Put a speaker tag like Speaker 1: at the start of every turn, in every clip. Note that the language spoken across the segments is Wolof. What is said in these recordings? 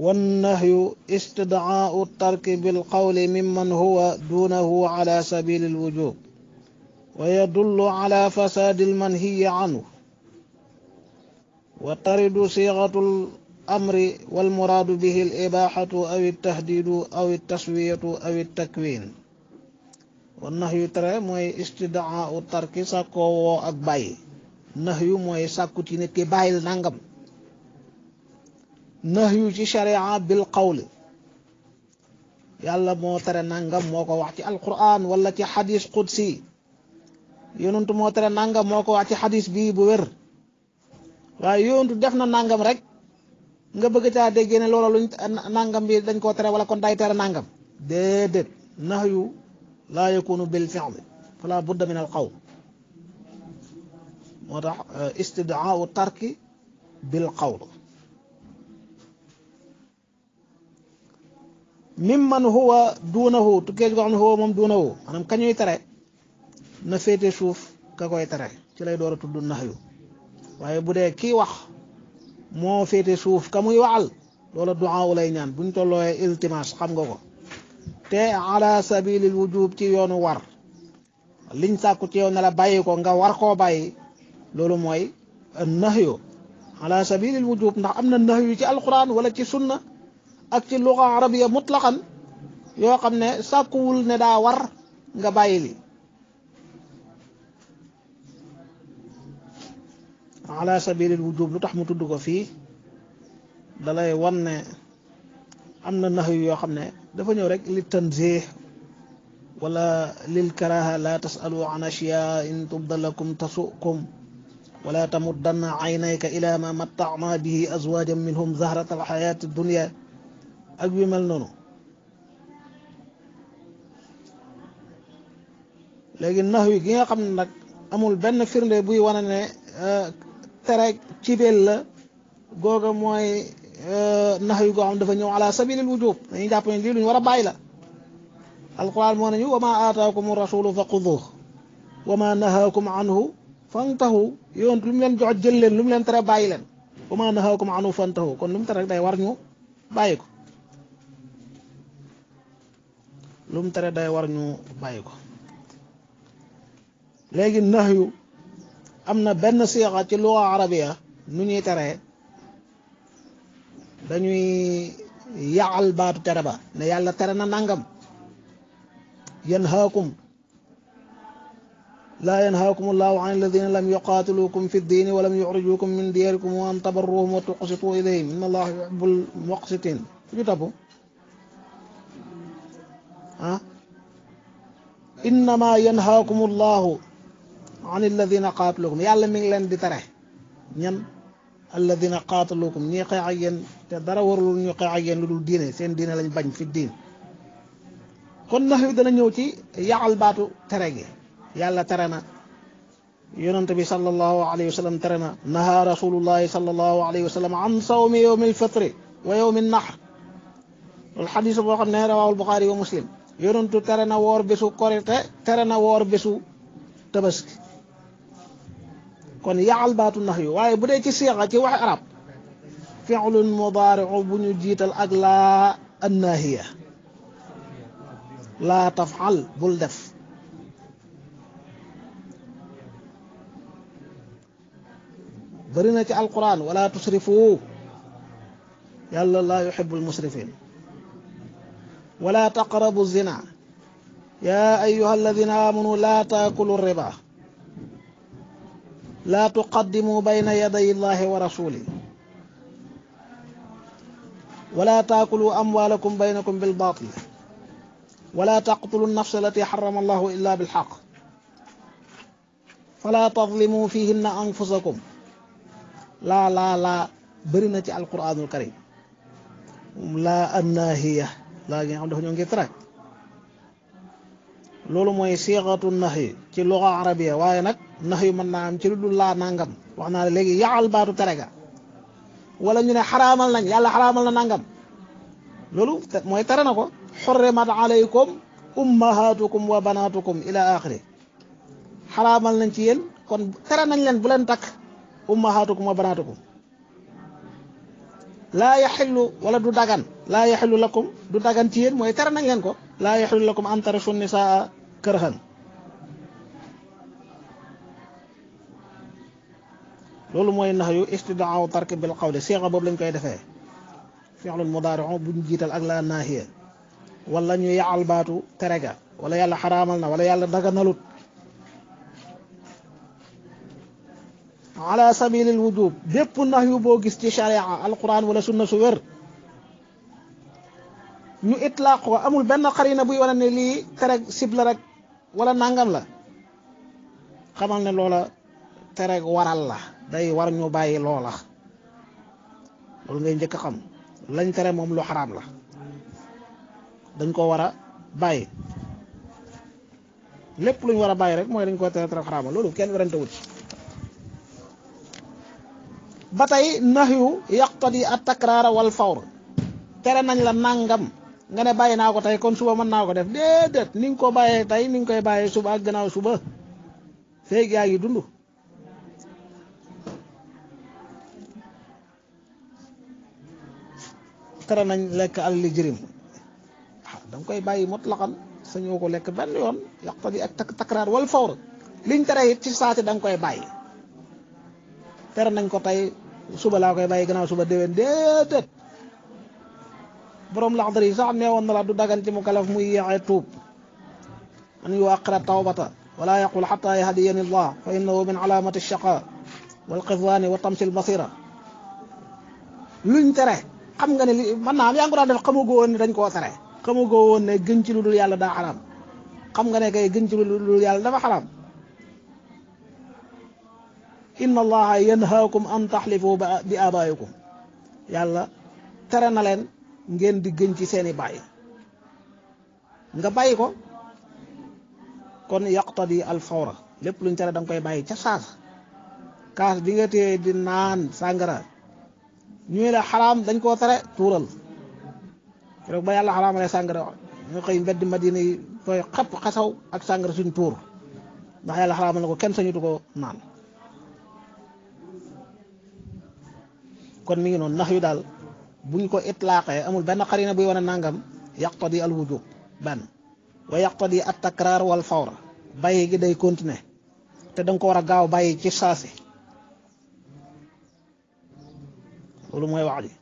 Speaker 1: والنهي استدعاء الترك بالقول ممن هو دونه على سبيل الوجوب ويدل على فساد المنهي عنه وترد صيغة الأمر والمراد به الإباحة أو التهديد أو التسوية أو التكوين والنهي ترى موي استدعاء الترك ساكو أكباي نهي موي ساكو تينكي بايل نانغم nahyu ci sharia bil qawli yàlla moo tere nangam moo ko wax ci alquran wala ci xadis qudsi yonentu moo tere nangam moo ko wax ci xadis bii bu wér waaye yonentu def na nangam rek nga bëgg ta déggé ne loolu luñ nangam bi dañ ko tere wala kon day tere nangam déedéet nahyu la yakunu bil fi'l fala budda min al qawl moo tax tarki bil qawl mimman huwa duunahu tukkee ci ko xam ne huwa moom duunahu maanaam kañuy tere na féete suuf ka koy tere ci lay door a tudd naxyu waaye bu dee kii wax moo féete suuf ka muy waxal loola duwaaw lay ñaan buñ tollooyee iltimas xam nga ko te ala sabilil wujub ci yoonu war liñ sàkku ci yow ne la bàyyi ko nga war koo bàyyi loolu mooy naxyu ala sabilil wujub ndax am na naxyu ci alquran wala ci sunna ak ci lugha arabiya mutlaqan yo xamne sakul ne da war nga bayili ala ala al wujub lutax mu tuddu ko fi dalay wonne amna am yo xamne dafa ñëw rek li tanzih wala lil karaha la tasalu an ashiya in tubda lakum ولا تمدن عينيك إلى ما متعنا به أزواجا منهم زهرة الحياة الدنيا ak yu mel nonu legi nahwi gi nga xamne nak amul ben firnde buy wanane euh tere ci bel la goga moy euh nahwi go xam dafa ñëw ala sabilil wujub dañu jàpp ne li luñu wara bayila a bàyyi la alquran moo nañu wa ma aataakum rasulu fa xuduuh wa ma nahaakum anhu fantahu yoon lu mu leen jox jël leen lu mu leen tere bàyyi leen wa ma nahaakum anhu fantahu kon lu mu tere rek day war ñu bàyyi lum تري day war ñu bayiko legi nahyu amna ben siqa ci lu arabiya nu ñi tere dañuy ya'al ba tere ba ne yalla tere na nangam ينهاكم لا ينهاكم الله عن الذين لم يقاتلوكم في الدين ولم يخرجوكم من دياركم وان تبروهم وتقسطوا اليهم ان الله يحب المقسطين يتبو ها؟ innama yanhaakum allahu an alladina qaatalukum yàlla mi ngi leen di tere ñan alladina qaatalukum ñii xeex ak yéen te dara warul ñu xeex ak yéen lu dul diine seen diine lañ bañ fi diin kon nax wi dana ñëw ci yaxal baatu tere gi yàlla tere na yonent bi sallallahu alayhi wa sallam tere na naha rasulullahi sallallahu alayhi wa sallam an sawmi yowmi alfitri wa yowmi annahr loolu xadis boo xam ne rawaahu albuxaari wa muslim yonentu tere na woor bésu korite tere na woor bésu tabaski kon yaal baatu nax yu waaye bu dee ci siixa ci wax arab fi'lun mudaari'u bu ñu jiital ak laa annaahiya laa tafal bul def bëri na ci alquran wala tusrifu yàlla laa yuhibbul musrifin ولا تقربوا الزنا يا أيها الذين آمنوا لا تأكلوا الربا لا تقدموا بين يدي الله ورسوله ولا تأكلوا أموالكم بينكم بالباطل ولا تقتلوا النفس التي حرم الله إلا بالحق فلا تظلموا فيهن أنفسكم لا لا لا برنة القرآن الكريم لا الناهيه laaj yi nga xam dafa ngir traaj loolu mooy siixatu nax ci luxa arabiya waaye nag nax yu mën naa am ci lu dul laa nangam wax naa ne léegi yaxal baatu tere ga wala ñu ne xaraamal nañ yàlla xaraamal na nangam loolu mooy tere na ko xurrimat alaykum ummahatukum wa banatukum ila axiri xaraamal nañ ci yéen kon tere nañ leen bu leen takk ummahatukum wa banatukum laa yaxillu wala du dagan laa yaxillu lakum du dagan ci yéen mooy tere nañ leen ko laa yaxillu lakum an tarifu nisaa kërxan loolu mooy nax yu istidaaw tark bil qawli siixa boobu lañ koy defee fi'lul mudaari'u bu ñu jiital ak laa naahiya wala ñu yaal baatu tere ga wala yàlla xaraamal na wala yàlla daganalut ala sabilil wujub bépp nax yu boo gis ci charia alquran wala su wér ñu itlaaq ko amul benn xarina buy wane ne lii tere sib rek wala nangam la xamal ne loola tere waral la day war ñu bàyyi loola loolu ngay njëkk xam lañ tere moom lu xaraam la dañ ko war a bàyyi lépp luñ war a bàyyi rek mooy dañ ko tere tere loolu kenn werante wut batay nahyu yaqtadi at-takrara wal fawr tere nañ la nangam nga ne bayina ko tay kon suba man na ko def dedet ni ko baye tay ni koy baye suba ak gnaaw suba feeg yaa dundu tere nañ lek al lijrim ah, dang koy baye mutlaqan sañu ko lek ben yon yaqtadi at-takrar wal fawr liñ tere ci saati dang koy baye tere nañ ko tay suba la koy baye gannaaw suba déwén déedéet borom la xadri sax neewoon na la du dagan ci mu kalaf muy yeexee tuub an yuaqira tawbata wala yaqul hatta yahdiyani allah fa innahu min alamati ash-shaqa wal walxifwaani wa tamsil basira luñ tere xam nga ni man na am yaa ngi daan def xamugoo woon dañ ko tere xamugoo won ne gën ci lu dul yàlla da xaraam xam nga ne kay gën ci lu dul yàlla da xaraam inna allaha yanhaakum an taxlifu bi abaayikum yàlla tere na leen ngeen di gëñ ci seeni baay nga bàyyi ko kon yaqtadi al fawra lépp luñ tere da koy bàyyi ca saasa kaas bi nga téye di naan sàngara ñu la xaraam dañ koo tere tuural keroog ba yàlla xaraamalee sàngara ñu xëy mbedd madina yi fooy xëpp xasaw ak sàngara suñ tuur ndax yàlla xaraamal ko kenn sañutu ko naan kon mi ngi noonu nax yu daal buñ ko itlaaqee amul benn xarina buy wane nangam yaqtadi al wujub benn wa yaqtadi at takraar wal fawr bàyyi gi day continuer te danga ko war a gaaw bàyyi ci saasi loolu mooy wax ji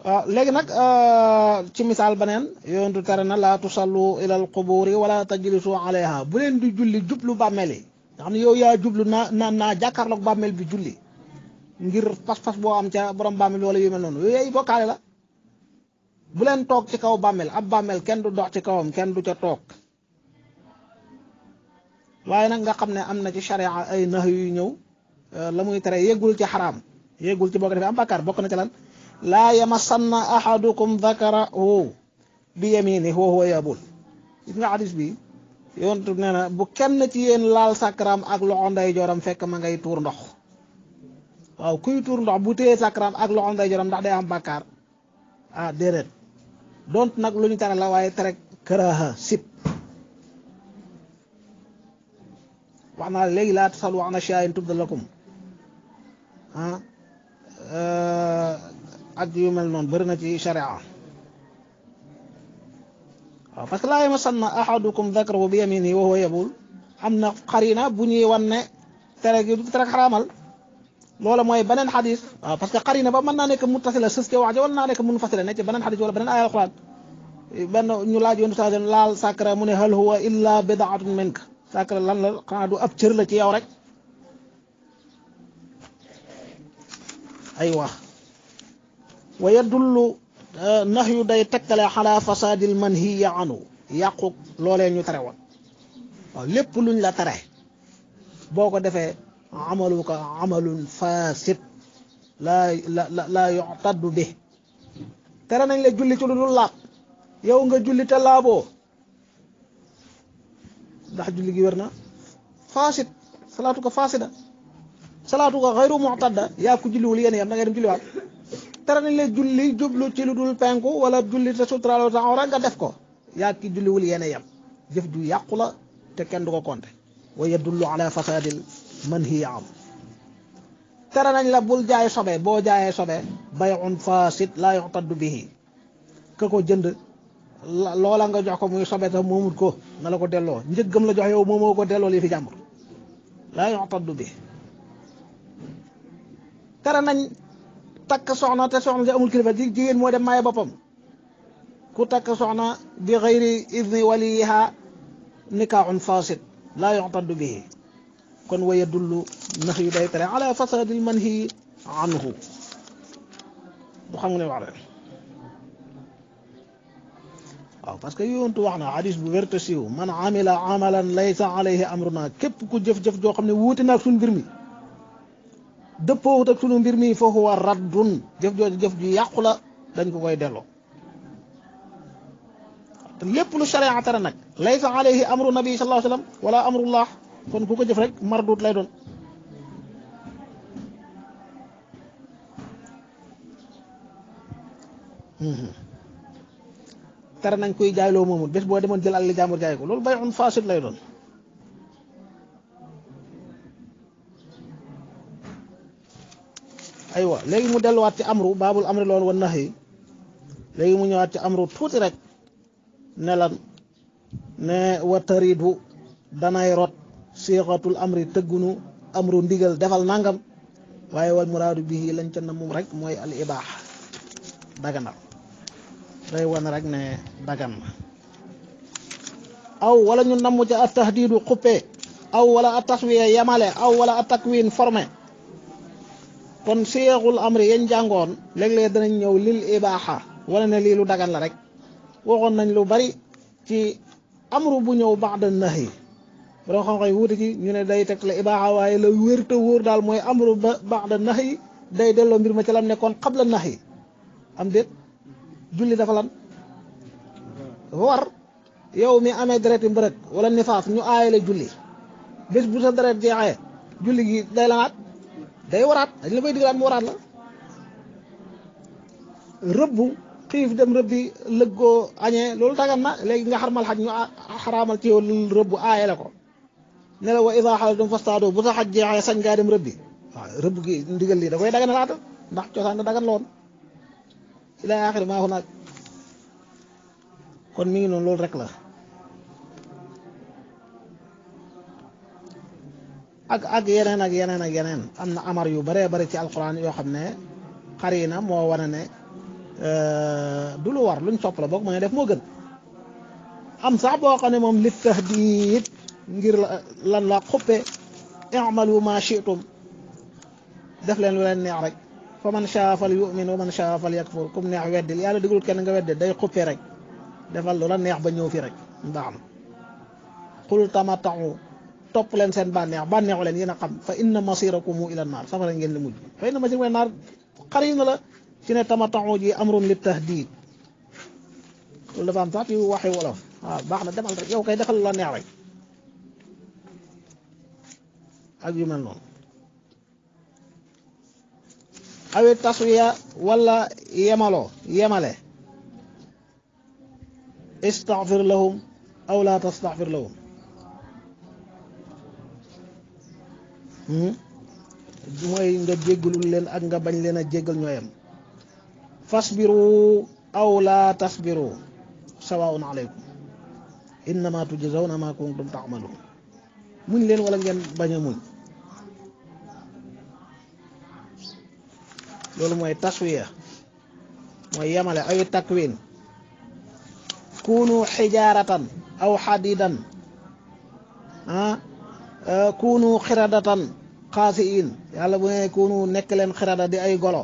Speaker 1: Ah, léegi nag ah, ci misaal beneen yoontu tere na laa tusallu ilal quburi wala tajlisu alayha bu leen di julli jublu bàmmeel yi nga xam ne yow yaa jublu naa naa naa jàkkaarloog bàmmeel bi julli ngir fas-fas boo am ca borom bàmmeel wala yu mel noonu yooyu ay bokkaale la bu leen toog ci kaw bàmmeel ab bàmmeel kenn du dox ci kawam kenn du ca toog waaye nag nga xam ne am na ci charia ay nax yu ñëw eh, la muy tere yeggul ci xaraam yeggul ci boo ko defee am bàkkaar bokk na ca lan laa yamassanna ahadukum dhakarahu bi yaminihi wa huwa yabul gis bi yontu nee na bu kenn ci yéen laal sakaram ak loxo nday joram fekk ma ngay tuur ndox waaw kuy tuur ndox bu téyee sakaram ak loxo nday joram ndax day am bàkkaar ah déedéet dont nag lu ñu tere la waaye tere karaha sib wax naa léegi laa tasalu an ashyaa'in tubda lakum ah euh, ak yu mel noonu bëri na ci sharia waaw parce que laa yamassanna ahadukum dhakarahu bi yaminihi wa huwa yabul am na xarina bu ñuy wan ne tere gi du tere xaraamal loola mooy beneen xadis waaw parce que xarina ba mën naa nekk muttasila sës ca wax ja naa nekk munfasila ne ci beneen xadis wala beneen aaya alquran benn ñu laaj yoonu saa laal sàkkara mu ne hal huwa illa bidaatun mink sàkkara lan la xanaa du ab cër la ci yow rek ay wax ويدل آه، نهي داي تكلا على فساد المنهي عنه يقو لولا ني تري وون آه، لب لون لا تري بوكو ديفه عملك عمل فاسد لا لا لا يعتد به ترى نان لا جولي تي لول لاب ياو nga julli ta labo ndax julli gi werna fasid salatu ko fasida salatu ko ghayru mu'tada ya ku julli wul yene yam da ngay dem julli wat tere nañ la julli jublu ci lu dul penku wala julli te sutraaloo sa awra nga def ko yaa ki julliwul yéen a yem jëf ju yàqu la te kenn du ko compter wa yadullu ala fasadil manhi am tere nañ la bul jaay sobe boo jaayee sobe bay'un fasid laa yu'taddu bihi ka ko jënd loola nga jox ko muy sobe ta moomut ko na la ko delloo njëggam la jox yow moomoo ko delloo lii fi jàmbur laa yu'taddu bihi tere nañ تك صحنا تك صحنا زي أمول كلفات دي جين مودم ما يبقم كو تك صحنا بغير إذن وليها نكاع فاسد لا يعتد به كن ويدل نهي بيتري على فساد المنهي عنه بخمني وعلى أو بس كي ينتو عنا عريس بغير من عمل عملا ليس عليه أمرنا كيف كو جف جف جو خمني ووتنا سنجرمي dëppoowut ak sunu mbir mi foofu war raddun jef jooju jëf ju yàqu la dañ ko koy delloo te lépp lu sharia tere nag laysa alayhi amru nabi sallallahu alaihi wasallam wala amrullah kon ku ko jëf rek mardut lay doon tere nañ koy jaayloo moomul bés boo demoon jël àll jàmbur jaay ko loolu bay'un fasid lay doon aywa léegi mu delluwaat ci amru baabul amri loon wa nax yi léegi mu ñëwaat ci amru tuuti rek ne lan ne wa taridu danay rot siixatul amri tëggunu amru ndigal defal nangam waaye wal muraadu bihi lañ ca na moom rek mooy al ibaax daganal day wan rek ne dagan aw wala ñu namm ca at tahdiidu xuppe aw wala a taswiya yamale aw wala a takwin formé kon siyaqul amri yan jangon jàngoon léeg-léeg danañ ñëw lil ibaha wala ne lii lu dagan la rek waxon nañ lu bari ci amru bu ñëw ba'da nahi bu xam-xam wuti ci ñu ne day tek la ibaha waaye la wér te wóor daal amru ba'da baxda nahi day delo mbir ma ci lam nekkon qabla nahi am déet julli dafa lan war yow mi amé deret yi wala nifas ñu ayé la julli bés bu sa deret jeexee julli gi day lanaat day waraat dañ la koy digalaat mu waraat la rëbbu xiif dem rëbbi lëggoo añee loolu dagan na léegi nga xarmal xaj ñu ah, xaraamal ci yow rëbbu aaye la ko ne la wa idaa xalatum bu sa xaj jeexee sañ gaa dem rëbbi waaw rëbb gi ndigal lii da koy dagan ndax cosaan da dagan loon ilaa axiri maa ko kon mi ngi noonu loolu rek la ak ak yeneen ak yeneen ak yeneen am na amar yu bëree bëri ci alquran yoo xam ne xarina moo wane ne euh, du lu war luñ sopp la boog mooy def moo gën am sax boo xam ne moom li tahdiid ngir lan la xuppe i'malu ma shi'tum def leen lu leen neex rek fa man shaa fal yu'min wa man shaa fal yakfur kum neex weddil yàlla digul kenn nga wedde day xuppe rek defal lu la neex ba ñëw fi rek baax na qul tamata'u topp leen seen bànneex bànneexu leen yéen a xam fa inna masirakumu ila naar safara ngeen li mujj fa inna masirakum ila naar xari la ci ne tamataxu ji amrun li tahdid am sax ci baax na demal rek yow kay defal la neex rek ak mel noonu awe taswiya wala yemale istaxfir lahum aw la tastaxfir lahum Hmm? mooy nga jéggalul leen ak nga bañ leen a jéggal ñooyam fasbiru aw laa tasbiru sawaun aleykum innama tujzawna ma kuntum taamaluun muñ leen wala ngeen bañ a muñ loolu mooy taswiya mooy yamale awi takwin kunu xijaaratan aw xadidan ah eh, kunu xiradatan xaasi in yàlla bu ne kunu nekk leen xirada di ay golo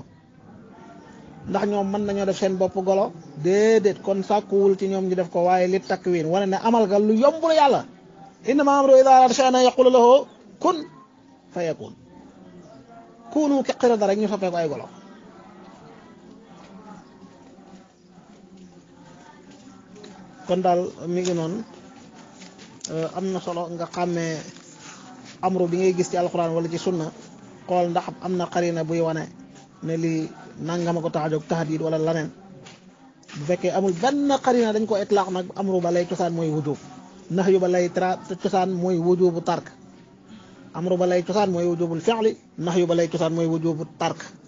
Speaker 1: ndax ñoom mën nañoo def seen bopp golo déedéet kon sàkkuwul ci ñoom ñu def ko waaye li takwin wane ne amal ga lu yomb la yàlla innama amru ida arada shay'an yaqulu lahu kun fa yakun kunu ki xirada rek ñu soppee ko ay golo kon daal mi ngi noonu am na solo nga xàmmee amru bi ngay gis ci alquran wala ci sunna xol ndax amna qarina xarina buy wane ne li nangama ko tahajjuk tahdid wala lanen bu fekke amul ben qarina dañ ko itlaq nak amru balay tosan moy wudu nahyu balay yu ba lay tra cosaan tark amru balay tosan moy wudu wujubul fi'li nahyu balay tosan moy wudu bu tark